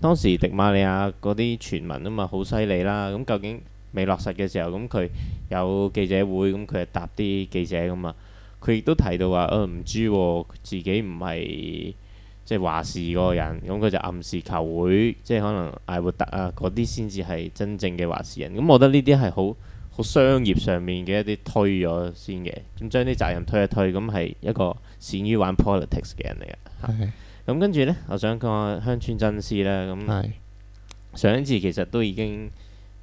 當時迪馬利亞嗰啲傳聞啊嘛，好犀利啦。咁、嗯、究竟未落實嘅時候，咁、嗯、佢有記者會，咁佢係答啲記者噶嘛。佢、嗯、亦都提到話：，呃、啊唔知喎，自己唔係即係話事個人，咁、嗯、佢就暗示球會，即係可能艾活特啊嗰啲先至係真正嘅話事人。咁、嗯、我覺得呢啲係好。好商業上面嘅一啲推咗先嘅，咁將啲責任推一推，咁係一個擅於玩 politics 嘅人嚟嘅。咁 Okay.、啊嗯、跟住呢，我想講下鄉村真師啦。咁、嗯、Okay. 上一次其實都已經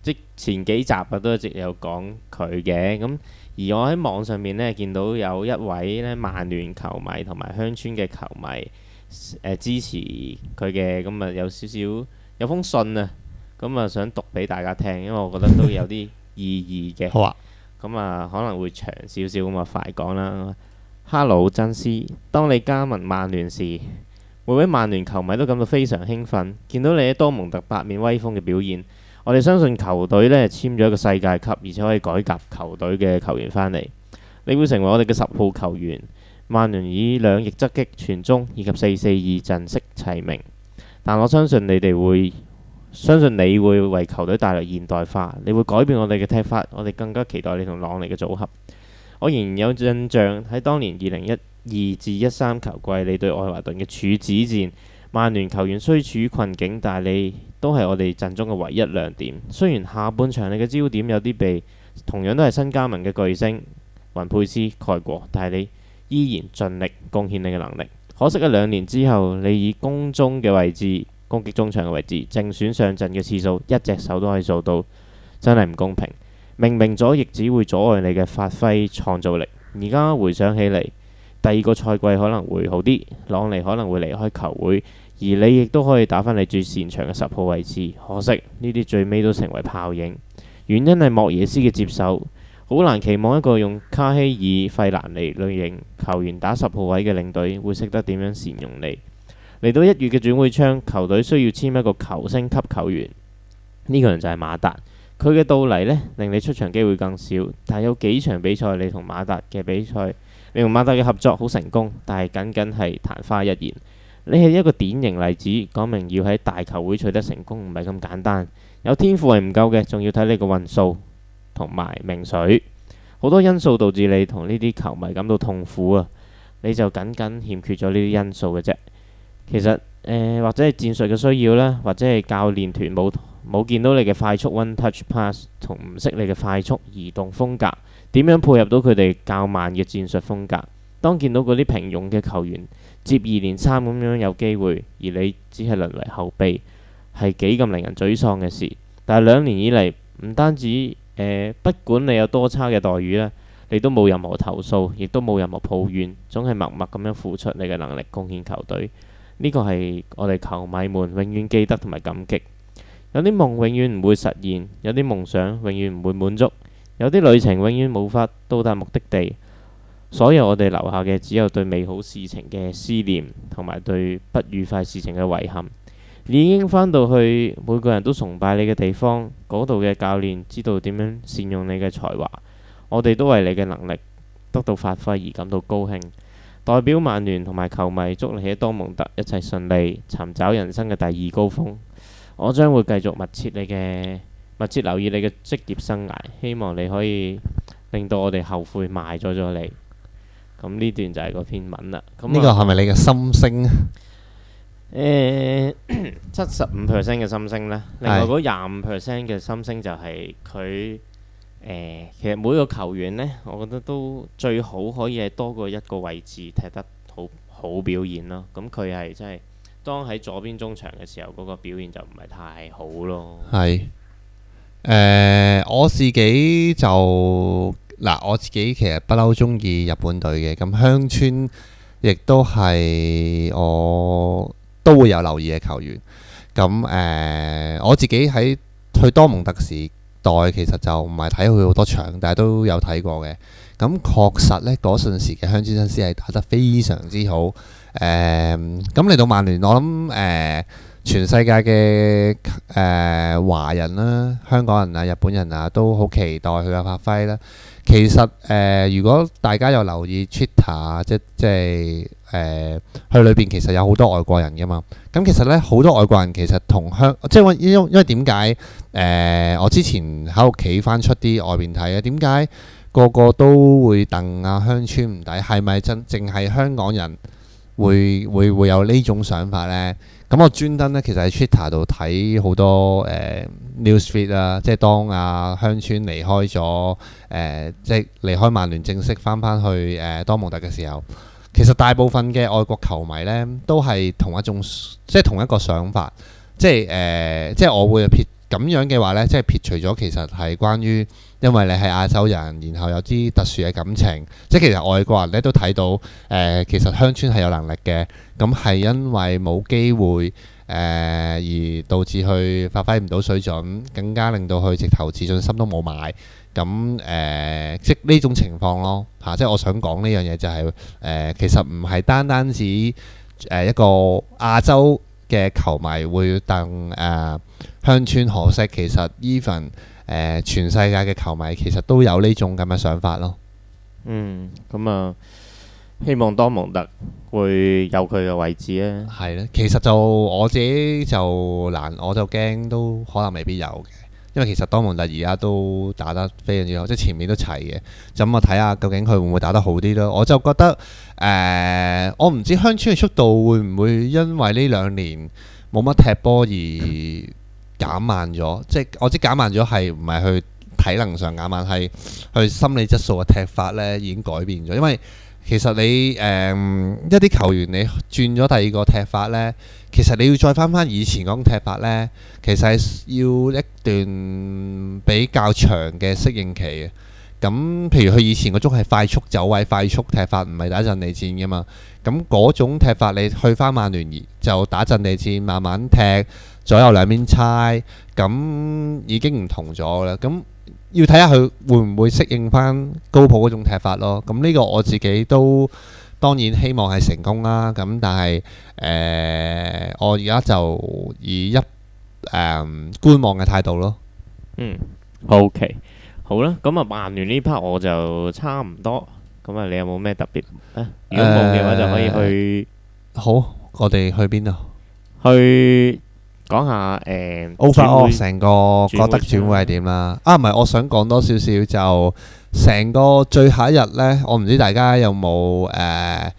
即前幾集啊，都一直有講佢嘅。咁、嗯、而我喺網上面呢，見到有一位呢曼聯球迷同埋香川嘅球迷、呃、支持佢嘅，咁、嗯、啊有少少有封信啊，咁、嗯、啊想讀俾大家聽，因為我覺得都有啲。 *laughs* 意義嘅，好啊，咁啊、嗯、可能會長少少咁啊快講啦。Hello，真絲，當你加盟曼聯時，每位曼聯球迷都感到非常興奮，見到你喺多蒙特八面威風嘅表現，我哋相信球隊呢簽咗一個世界級，而且可以改革球隊嘅球員翻嚟，你會成為我哋嘅十號球員。曼聯以兩翼側擊、傳中以及四四二陣式齊名，但我相信你哋會。相信你會為球隊帶來現代化，你會改變我哋嘅踢法，我哋更加期待你同朗尼嘅組合。我仍然有印象喺當年二零一二至一三球季，你對愛華頓嘅處子戰，曼聯球員雖處於困境，但係你都係我哋陣中嘅唯一亮點。雖然下半場你嘅焦點有啲被同樣都係新加盟嘅巨星雲佩斯蓋過，但係你依然盡力貢獻你嘅能力。可惜一兩年之後，你以攻中嘅位置，攻擊中場嘅位置，正選上陣嘅次數一隻手都可以做到，真係唔公平。明明左翼只會阻礙你嘅發揮創造力。而家回想起嚟，第二個賽季可能會好啲，朗尼可能會離開球會，而你亦都可以打返你最擅長嘅十號位置。可惜呢啲最尾都成為泡影。原因係莫耶斯嘅接手，好難期望一個用卡希爾、費蘭尼類型球員打十號位嘅領隊會識得點樣善用你。嚟到一月嘅轉會窗，球隊需要簽一個球星級球員。呢、這個人就係馬達，佢嘅到嚟呢令你出場機會更少。但係有幾場比賽，你同馬達嘅比賽，你同馬達嘅合作好成功，但係僅僅係曇花一現。你係一個典型例子，講明要喺大球會取得成功唔係咁簡單，有天賦係唔夠嘅，仲要睇你嘅運數同埋命水，好多因素導致你同呢啲球迷感到痛苦啊！你就僅僅欠缺咗呢啲因素嘅啫。其實誒、呃，或者係戰術嘅需要啦，或者係教練團冇冇見到你嘅快速 One Touch Pass 同唔識你嘅快速移動風格，點樣配合到佢哋較慢嘅戰術風格？當見到嗰啲平庸嘅球員接二連三咁樣有機會，而你只係淪為後備，係幾咁令人沮喪嘅事。但係兩年以嚟，唔單止誒、呃，不管你有多差嘅待遇呢，你都冇任何投訴，亦都冇任何抱怨，總係默默咁樣付出你嘅能力，貢獻球隊。呢個係我哋球迷們永遠記得同埋感激。有啲夢永遠唔會實現，有啲夢想永遠唔會滿足，有啲旅程永遠無法到達目的地。所以我哋留下嘅只有對美好事情嘅思念，同埋對不愉快事情嘅遺憾。你已經返到去每個人都崇拜你嘅地方，嗰度嘅教練知道點樣善用你嘅才華。我哋都為你嘅能力得到發揮而感到高興。代表曼聯同埋球迷祝你喺多蒙特一切順利，尋找人生嘅第二高峰。我將會繼續密切你嘅，密切留意你嘅職業生涯，希望你可以令到我哋後悔賣咗咗你。咁、嗯、呢段就係個篇文啦。咁呢個係咪你嘅心聲？七十五 percent 嘅心聲呢？另外嗰廿五 percent 嘅心聲就係佢。誒，其實每個球員呢，我覺得都最好可以係多過一個位置踢得好好表現咯。咁佢係真係當喺左邊中場嘅時候，嗰、那個表現就唔係太好咯。係，誒、呃，我自己就嗱，我自己其實不嬲鍾意日本隊嘅。咁香川亦都係我都會有留意嘅球員。咁誒、呃，我自己喺去多蒙特時。代其實就唔係睇佢好多場，但係都有睇過嘅。咁確實呢嗰陣時嘅香川真司係打得非常之好。誒、呃，咁嚟到曼聯，我諗誒、呃，全世界嘅誒、呃、華人啦、啊、香港人啊、日本人啊，都好期待佢嘅發揮啦。其實誒、呃，如果大家有留意 Twitter，即即係。誒去裏邊其實有好多外國人噶嘛，咁其實咧好多外國人其實同鄉即係因因因為點解誒，我之前喺屋企翻出啲外邊睇啊，點解個個都會鄧阿、啊、鄉村唔抵？係咪真淨係香港人會會會有呢種想法咧？咁我專登咧，其實喺 Twitter 度睇好多誒、呃、news feed 啊，即係當阿、啊、鄉村離開咗誒、呃，即係離開曼聯正式翻翻去誒、呃、多蒙特嘅時候。其實大部分嘅外國球迷呢，都係同一種，即係同一個想法，即係誒、呃，即係我會咁樣嘅話呢，即係撇除咗其實係關於，因為你係亞洲人，然後有啲特殊嘅感情，即係其實外國人咧都睇到誒、呃，其實香川係有能力嘅。咁係因為冇機會誒、呃，而導致佢發揮唔到水準，更加令到佢直頭自信心都冇埋。咁誒、呃，即呢種情況咯嚇、啊。即係我想講呢樣嘢就係、是、誒、呃，其實唔係單單指誒、呃、一個亞洲嘅球迷會等誒。呃鄉村可惜，其實 even 全世界嘅球迷其實都有呢種咁嘅想法咯、嗯。嗯，咁啊，希望多蒙特會有佢嘅位置咧。係咧，其實就我自己就難，我就驚都可能未必有嘅，因為其實多蒙特而家都打得非常之好，即係前面都齊嘅。咁我睇下究竟佢會唔會打得好啲咯？我就覺得誒、呃，我唔知鄉村嘅速度會唔會因為呢兩年冇乜踢波而～、嗯減慢咗，即係我知減慢咗係唔係去體能上減慢，係去心理質素嘅踢法呢已經改變咗。因為其實你誒一啲球員你轉咗第二個踢法呢，其實你要再返返以前嗰種踢法呢，其實係要一段比較長嘅適應期嘅。咁譬如佢以前嗰種係快速走位、快速踢法，唔係打陣地戰㗎嘛。咁嗰種踢法你去翻曼聯就打陣地戰，慢慢踢。左右兩邊差，咁已經唔同咗啦。咁要睇下佢會唔會適應返高普嗰種踢法咯。咁呢個我自己都當然希望係成功啦。咁但係誒，我而家就以一誒觀望嘅態度咯。嗯，OK，好啦。咁啊，曼聯呢 part 我就差唔多。咁啊，你有冇咩特別？如果冇嘅話，就可以去。好，我哋去邊度？去。講下誒 over all 成個覺得轉會係點啦？啊，唔係，啊，我想講多少少就成個最後一日呢，我唔知大家有冇誒。呃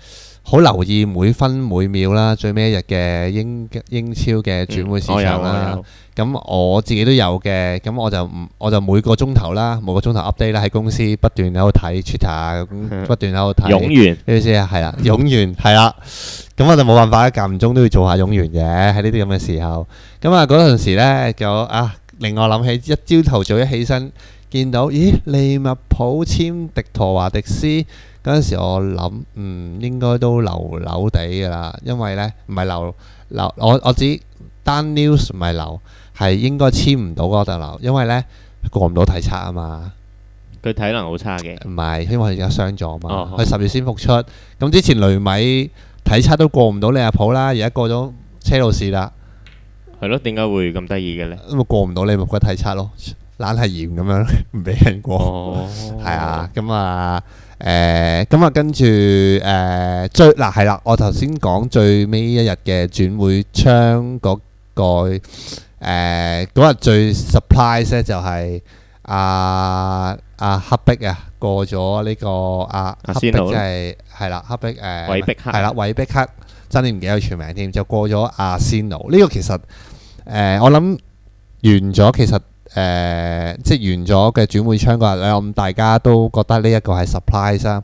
好留意每分每秒啦，最尾一日嘅英英超嘅轉會市場啦。咁我自己都有嘅，咁我就唔我就每個鐘頭啦，每個鐘頭 update，啦喺公司不斷喺度睇 Twitter，不斷喺度睇。湧源咩意思啊？係啊，湧源係啊，咁我就冇辦法啦，間唔中都要做下湧源嘅喺呢啲咁嘅時候。咁啊嗰陣時呢就啊令我諗起一朝頭早一起身見到咦利物浦簽域陀華迪斯。嗰陣時我諗，嗯，應該都流流地㗎啦，因為咧唔係流流，我我知丹 news 唔係流，係應該簽唔到哥德流，因為咧過唔到體測啊嘛。佢體能好差嘅。唔係，因為佢而家傷咗啊嘛。佢十月先復出，咁之前雷米體測都過唔到利物浦啦，而家過咗車路士啦。係咯，點解會咁得意嘅咧？因為過唔到利物浦嘅體測咯，懶係嚴咁樣，唔俾人過。係啊，咁啊。誒咁，呃呃、啊，跟住誒最嗱係啦，我頭先講最尾一日嘅轉會窗嗰個誒，嗰日最 surprise 咧就係阿阿黑壁啊過咗呢個阿阿仙奴，即係係啦，黑壁誒，係啦韋碧克，真係唔記得佢全名添，就過咗阿仙奴呢個其實。誒，呃、我諗完咗其實。誒，即係完咗嘅轉會窗嗰日，咁大家都覺得呢一個係 surprise 啊，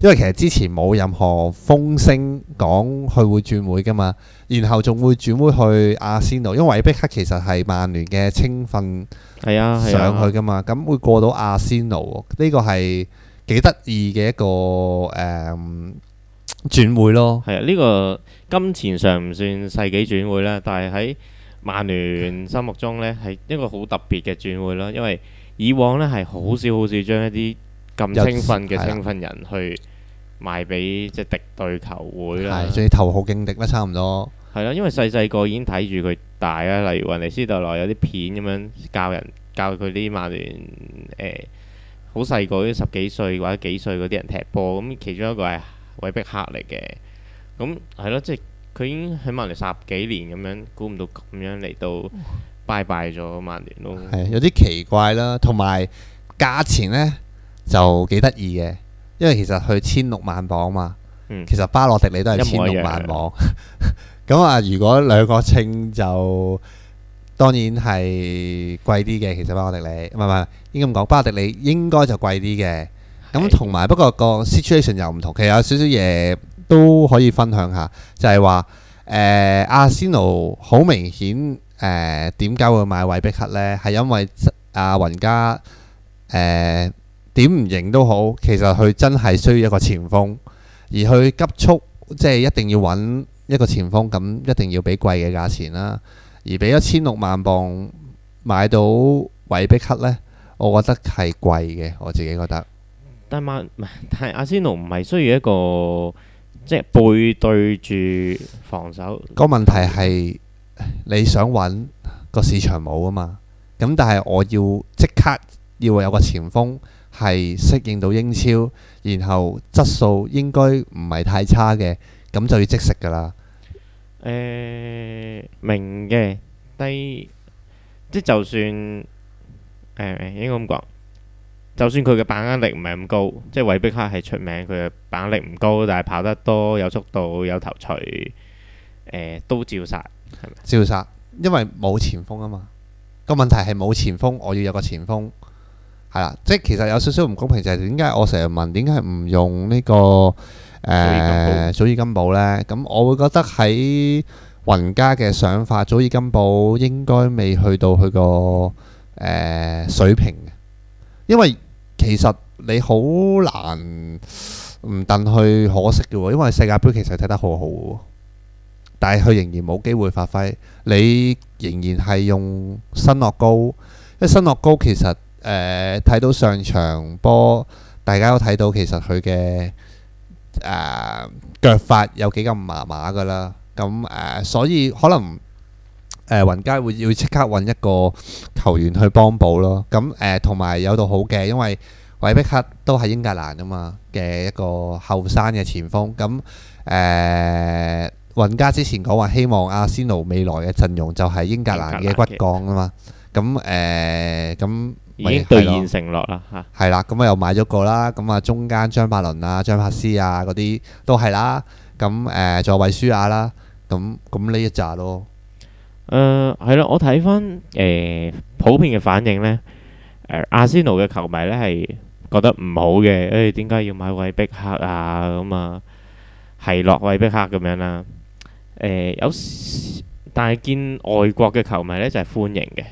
因為其實之前冇任何風聲講佢會轉會噶嘛，然後仲會轉會去阿仙奴，因為韋碧克其實係曼聯嘅青訓，係啊，上去噶嘛，咁會過到阿仙奴，呢個係幾得意嘅一個誒轉會咯。係啊，呢個金錢上唔算世紀轉會啦，但係喺曼聯心目中呢係一個好特別嘅轉會啦，因為以往呢係好少好少將一啲咁青訓嘅青訓人去賣俾即係敵對球會啦，最頭號勁敵啦，差唔多。係啦，因為細細個已經睇住佢大啦，例如雲尼斯特羅有啲片咁樣教人教佢啲曼聯誒好細個嗰啲十幾歲或者幾歲嗰啲人踢波，咁其中一個係韋碧克嚟嘅，咁係咯，即係。佢已經喺曼聯十幾年咁樣，估唔到咁樣嚟到拜拜咗曼聯咯。係有啲奇怪啦，同埋價錢呢就幾得意嘅，因為其實去千六萬鎊嘛。其實巴洛迪利都係千六萬鎊。咁啊，如果兩個稱就當然係貴啲嘅。其實巴洛迪利唔係唔係應該咁講，巴洛迪利應該就貴啲嘅。咁同埋不過個 situation 又唔同，其實有少少嘢。都可以分享下，就係話誒阿仙奴好明顯誒點解會買韋碧克呢？係因為阿雲、啊、加誒點唔認都好，其實佢真係需要一個前鋒，而佢急速，即係一定要揾一個前鋒，咁一定要俾貴嘅價錢啦。而俾一千六萬鎊買到韋碧克呢，我覺得係貴嘅，我自己覺得。但係阿仙奴唔係需要一個。即係背對住防守。個問題係你想揾個市場冇啊嘛，咁但係我要即刻要有個前鋒係適應到英超，然後質素應該唔係太差嘅，咁就要即食噶啦。誒、呃，明嘅低，即係就算誒、嗯，應該咁講。就算佢嘅把握力唔係咁高，即係韋碧克係出名，佢嘅把握力唔高，但係跑得多，有速度，有頭錘，誒、呃，都照殺，係咪？照殺，因為冇前鋒啊嘛。個問題係冇前鋒，我要有個前鋒，係啦。即係其實有少少唔公平就係點解我成日問、這個，點解係唔用呢個誒，祖爾金寶咧？咁我會覺得喺雲家嘅想法，祖爾金寶應該未去到佢個誒水平嘅，因為。其實你好難唔戥佢可惜嘅喎，因為世界盃其實睇得好好喎，但係佢仍然冇機會發揮。你仍然係用新樂高，因為新樂高其實誒睇、呃、到上場波，大家都睇到其實佢嘅誒腳法有幾咁麻麻㗎喇。咁、嗯、誒、呃，所以可能。誒雲加會要即刻揾一個球員去幫補咯。咁誒同埋有度好嘅，因為韋碧克都係英格蘭啊嘛嘅一個後生嘅前鋒。咁誒雲加之前講話希望阿仙奴未來嘅陣容就係英格蘭嘅骨幹啊嘛。咁誒咁已經兌現承諾啦嚇，係啦。咁啊又買咗個啦。咁啊中間張伯倫啊、張柏斯啊嗰啲都係啦。咁誒仲有韋舒亞啦。咁咁呢一紮咯。誒係啦，我睇翻誒普遍嘅反應呢。誒、呃、阿仙奴嘅球迷呢，係覺得唔好嘅，誒點解要買威碧克啊咁啊？係落威碧克咁樣啦、啊。誒、呃、有時，但係見外國嘅球迷呢，就係、是、歡迎嘅，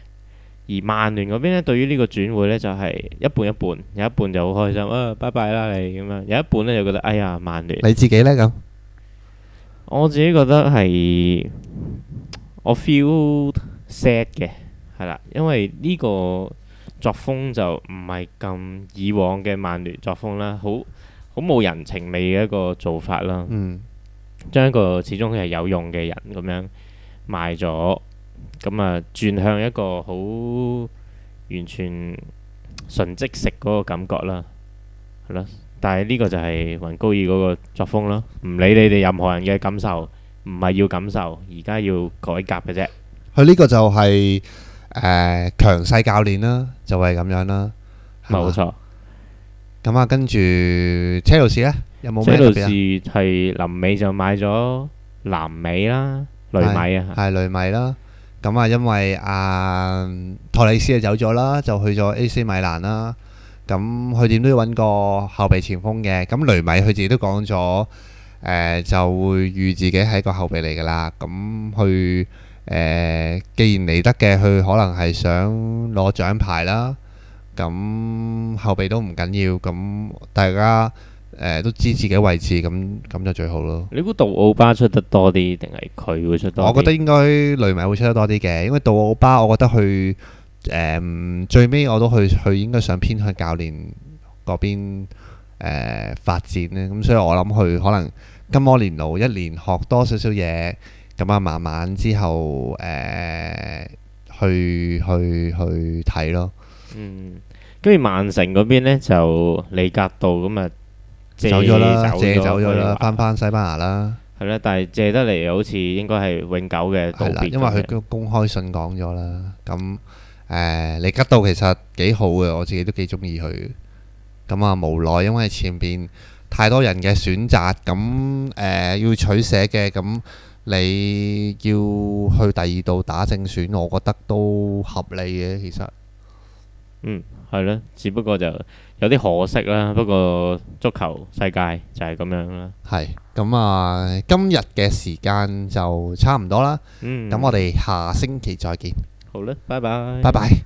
而曼聯嗰邊呢對於呢個轉會呢，就係、是、一半一半，有一半就好開心啊，拜拜啦你咁啊，有一半呢，就覺得哎呀曼聯，你自己呢？咁？我自己覺得係。我 feel sad 嘅，係啦，因為呢個作風就唔係咁以往嘅曼聯作風啦，好好冇人情味嘅一個做法啦。嗯，將一個始終佢係有用嘅人咁樣賣咗，咁啊轉向一個好完全純即食嗰個感覺啦，係啦。但係呢個就係雲高爾嗰個作風啦，唔理你哋任何人嘅感受。唔係要感受，而家要改革嘅啫。佢呢個就係、是、誒、呃、強勢教練啦、啊，就係、是、咁樣啦、啊，冇錯。咁啊，跟住車路士呢，有冇咩、啊？車路士係臨尾就買咗南美啦，雷米啊，係雷米啦。咁、嗯、啊，因為阿、啊、托利斯啊走咗啦，就去咗 A.C. 米蘭啦。咁佢點都要揾個後備前鋒嘅。咁雷米佢自己都講咗。誒、呃、就會預自己係個後備嚟㗎啦，咁去誒，既然嚟得嘅，佢可能係想攞獎牌啦。咁後備都唔緊要，咁大家誒、呃、都知自己位置，咁咁就最好咯。你估杜奧巴出得多啲，定係佢會出得多？我覺得應該雷米會出得多啲嘅，因為杜奧巴，我覺得佢誒最尾我都去，佢、呃、應該想偏向教練嗰邊誒發展咧。咁所以我諗佢可能。金摩連奴一年學多少少嘢，咁啊慢慢之後誒、呃、去去去睇咯。嗯，跟住曼城嗰邊咧就李格道咁啊，走咗啦，借走咗啦，翻翻西班牙啦，係啦。但係借得嚟好似應該係永久嘅，係啦，因為佢公公開信講咗啦。咁誒、嗯，李、呃、格道其實幾好嘅，我自己都幾中意佢。咁啊，無奈因為前邊，太多人嘅選擇，咁誒要取捨嘅，咁你要去第二度打正選，我覺得都合理嘅，其實。嗯，係啦，只不過就有啲可惜啦。不過足球世界就係咁樣啦。係，咁啊，今日嘅時間就差唔多啦。嗯，咁我哋下星期再見。好啦，拜拜。拜拜。